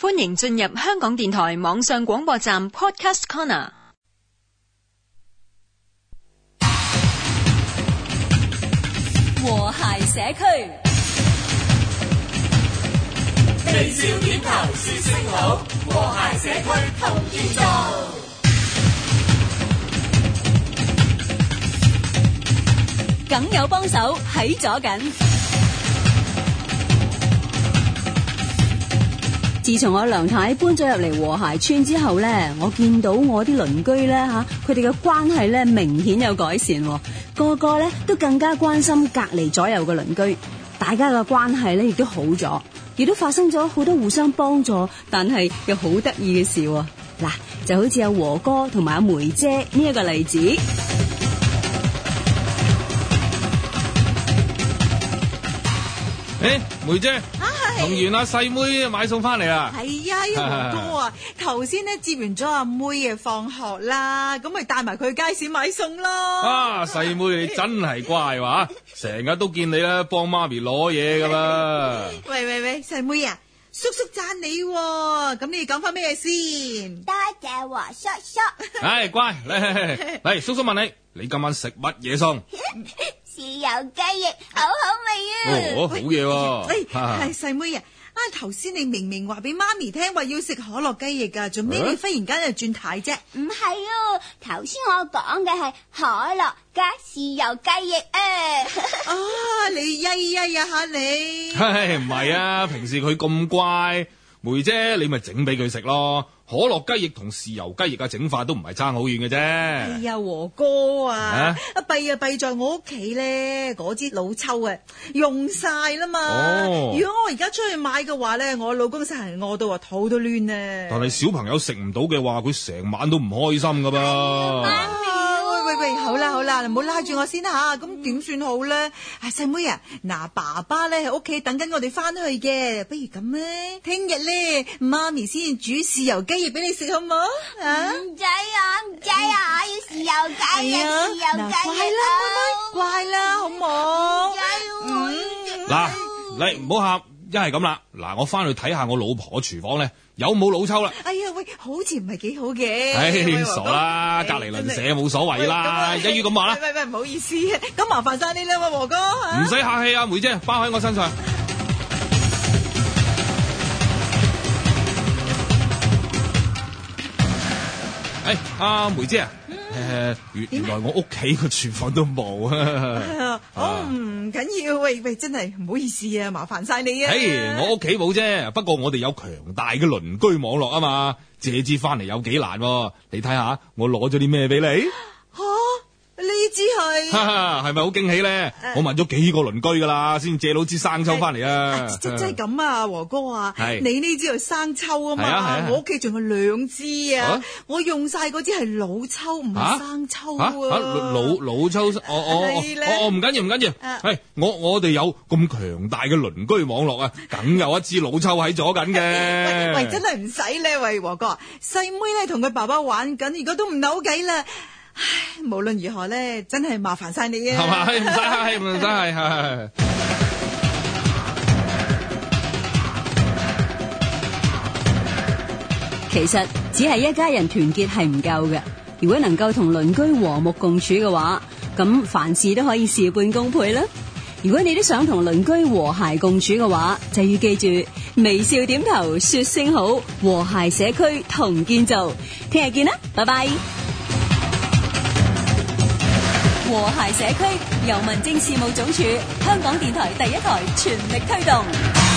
歡迎進入香港電台網上廣播站 Podcast Corner。和諧社區，微笑點頭說聲好，和諧社區同建造，梗有幫手喺左近。自從我阿梁太搬咗入嚟，和諧村之後咧，我見到我啲鄰居咧吓，佢哋嘅關係咧明顯有改善，個個咧都更加關心隔籬左右嘅鄰居，大家嘅關係咧亦都好咗，亦都發生咗好多互相幫助，但係又好得意嘅事，嗱就好似有和哥同埋阿梅姐呢一個例子。誒、欸，梅姐，同、啊、完阿細妹買餸翻嚟啦。係啊，又多啊。頭先咧接完咗阿妹嘅放學啦，咁咪帶埋佢去街市買餸咯。啊，細妹你真係乖哇、啊！成日 都見你咧幫媽咪攞嘢噶啦。喂喂 喂，細妹啊，叔叔讚你、啊，咁你講翻咩先？多謝華叔叔。唉、 欸，乖，嚟嚟，叔叔問你，你今晚食乜嘢餸？ 油雞翼好好味啊！哦、好嘢喎、啊！ 哎，細妹啊，啊，頭先你明明話俾媽咪聽話要食可樂雞翼噶、啊，做咩你忽然間又轉態啫？唔係啊！頭先、啊、我講嘅係可樂加豉油雞翼啊！ 啊，你曳曳呀吓你？唔係、 哎、啊？平時佢咁乖。梅姐，你咪整俾佢食咯。可樂雞翼同豉油雞翼啊，整法都唔係差好遠嘅啫。哎呀，和哥啊，啊，啊弊啊弊在我屋企咧，嗰支老抽啊用晒啦嘛。哦、如果我而家出去買嘅話咧，我老公成日餓到話肚都攣啊。但係小朋友食唔到嘅話，佢成晚都唔開心噶噃。哎喂，好啦好啦，你唔好拉住我先啦吓，咁點算好咧？啊，細、啊、妹啊，嗱，爸爸咧喺屋企等緊我哋翻去嘅，不如咁啦，聽日咧，媽咪先煮豉油雞翼俾你食好唔好？啊，唔制啊，唔制啊，我要豉油雞翼，啊、豉油雞翼，係啦，乖乖啦我，乖啦，好唔好？雞翼，嗱，你唔好喊。一係咁啦，嗱，我翻去睇下我老婆嘅廚房咧，有冇老抽啦？哎呀喂，好似唔係幾好嘅。唉，哎，傻啦，隔籬鄰舍冇所謂啦，一於咁話啦。喂喂，唔好意思，咁麻煩晒你啦，和哥。啊，唔使客氣啊，梅姐，包喺我身上。阿、哎啊、梅姐啊，誒、呃，原來我屋企個廚房都冇啊！哦，唔緊要，喂喂，真係唔好意思啊，麻煩晒你啊！嘿，我屋企冇啫，不過我哋有強大嘅鄰居網絡啊嘛，借支翻嚟有幾難，啊，你睇下，我攞咗啲咩俾你？支哈，係咪好驚喜咧？啊、我問咗幾個鄰居噶啦，先借到支生抽翻嚟啊！即即係咁啊，和哥啊，是你呢支係生抽啊嘛？我屋企仲有兩支啊，我用晒嗰支係老抽，唔係、啊、生抽啊，啊！老老抽，我我我唔緊要唔緊要，係我我哋有咁強大嘅鄰居網絡啊，梗有一支老抽喺咗緊嘅。喂，真係唔使咧，喂，和哥，細妹咧同佢爸爸玩緊，而家都唔扭計啦。唉，無論如何咧，真係麻煩晒你嘅。係咪唔使唔使？其實只係一家人團結係唔夠嘅。如果能夠同鄰居和睦共處嘅話，咁凡事都可以事半功倍啦。如果你都想同鄰居和諧共處嘅話，就要記住微笑點頭，說聲好，和諧社區同建造。聽日見啦，拜拜。和諧社區由民政事務總署、香港電台第一台全力推動。